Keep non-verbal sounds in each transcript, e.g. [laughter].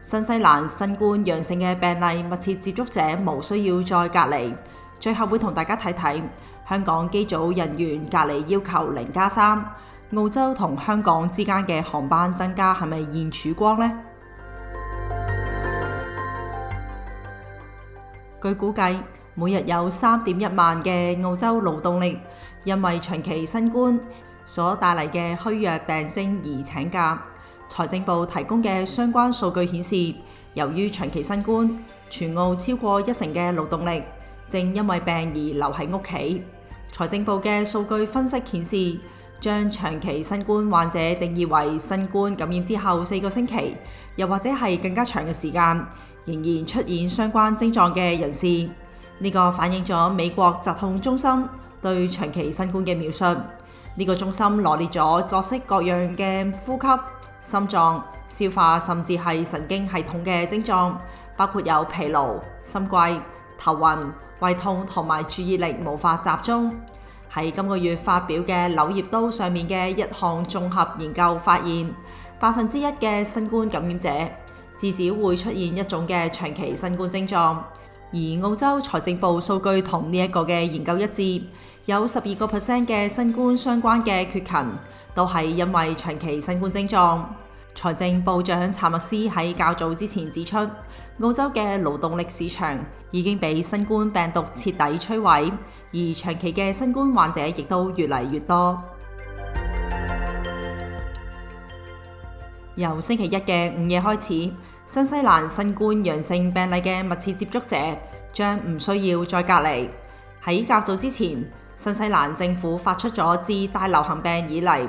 新西蘭新冠陽性嘅病例密切接觸者無需要再隔離。最後會同大家睇睇香港機組人員隔離要求零加三，澳洲同香港之間嘅航班增加係咪現曙光呢？據估計，每日有三點一萬嘅澳洲勞動力因為長期新冠所帶嚟嘅虛弱病徵而請假。財政部提供嘅相關數據顯示，由於長期新冠，全澳超過一成嘅勞動力正因為病而留喺屋企。財政部嘅數據分析顯示，將長期新冠患者定義為新冠感染之後四個星期，又或者係更加長嘅時間，仍然出現相關症狀嘅人士。呢個反映咗美國疾控中心對長期新冠嘅描述。呢個中心羅列咗各式各樣嘅呼吸、心臟、消化甚至係神經系統嘅症狀，包括有疲勞、心悸、頭暈、胃痛同埋注意力無法集中。喺今個月發表嘅《柳葉刀》上面嘅一項綜合研究發現，百分之一嘅新冠感染者至少會出現一種嘅長期新冠症狀。而澳洲財政部數據同呢一個嘅研究一致，有十二個 percent 嘅新冠相關嘅缺勤，都係因為長期新冠症狀。財政部長查默斯喺較早之前指出，澳洲嘅勞動力市場已經被新冠病毒徹底摧毀，而長期嘅新冠患者亦都越嚟越多。 [music] 由星期一嘅午夜開始，新西蘭新冠陽性病例嘅密切接觸者將唔需要再隔離。喺較早之前，新西蘭政府發出咗自大流行病以來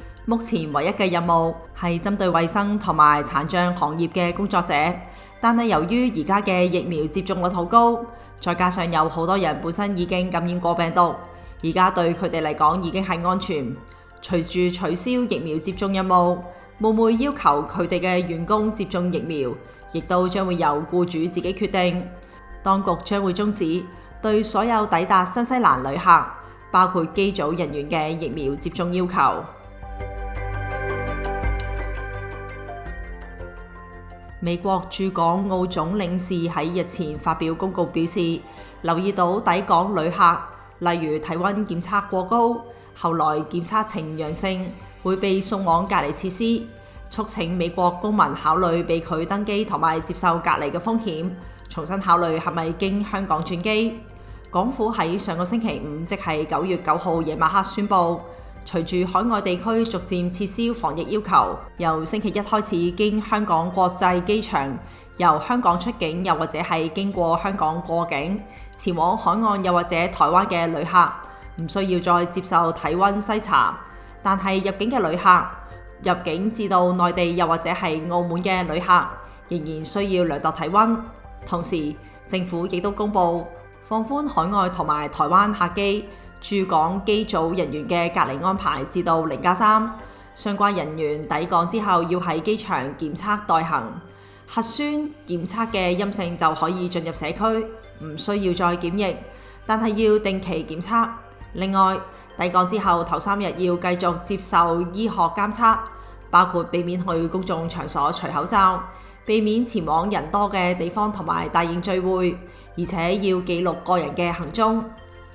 目前唯一嘅任務係針對衛生同埋殘障行業嘅工作者，但係由於而家嘅疫苗接種率好高，再加上有好多人本身已經感染過病毒，而家對佢哋嚟講已經係安全。隨住取消疫苗接種任務，會唔會要求佢哋嘅員工接種疫苗，亦都將會由雇主自己決定。當局將會終止對所有抵達新西蘭旅客，包括機組人員嘅疫苗接種要求。美國駐港澳總領事喺日前發表公告，表示留意到抵港旅客，例如體溫檢測過高，後來檢測呈陽性，會被送往隔離設施，促請美國公民考慮被拒登機同埋接受隔離嘅風險，重新考慮係咪經香港轉機。港府喺上個星期五，即係九月九號夜晚黑宣布。隨住海外地區逐漸撤銷防疫要求，由星期一開始，經香港國際機場由香港出境又或者係經過香港過境前往海岸又或者台灣嘅旅客，唔需要再接受體温篩查。但係入境嘅旅客，入境至到內地又或者係澳門嘅旅客，仍然需要量度體温。同時，政府亦都公布放寬海外同埋台灣客機。駐港機組人員嘅隔離安排至到零加三，相關人員抵港之後要喺機場檢測待行，核酸檢測嘅陰性就可以進入社區，唔需要再檢疫，但係要定期檢測。另外，抵港之後頭三日要繼續接受醫學監測，包括避免去公眾場所除口罩，避免前往人多嘅地方同埋大型聚會，而且要記錄個人嘅行蹤。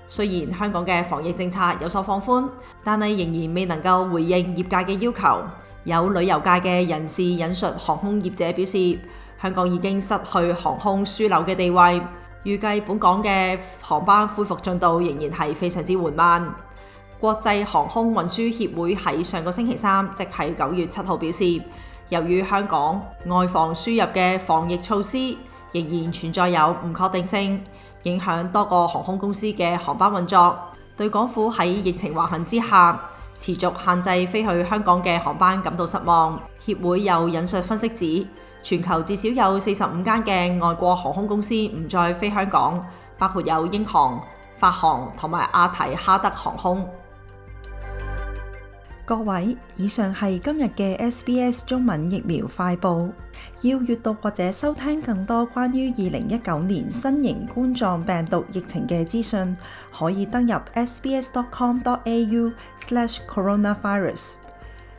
雖然香港嘅防疫政策有所放寬，但係仍然未能夠回應業界嘅要求。有旅遊界嘅人士引述航空業者表示，香港已經失去航空樞紐嘅地位，預計本港嘅航班恢復進度仍然係非常之緩慢。國際航空運輸協會喺上個星期三，即係九月七號表示，由於香港外防輸入嘅防疫措施仍然存在有唔確定性。影響多個航空公司嘅航班運作，對港府喺疫情橫行之下持續限制飛去香港嘅航班感到失望。協會有引述分析指，全球至少有四十五間嘅外國航空公司唔再飛香港，包括有英航、法航同埋阿提哈德航空。各位，以上係今日嘅 SBS 中文疫苗快報。要閱讀或者收聽更多關於二零一九年新型冠狀病毒疫情嘅資訊，可以登入 sbs.com.au/coronavirus slash。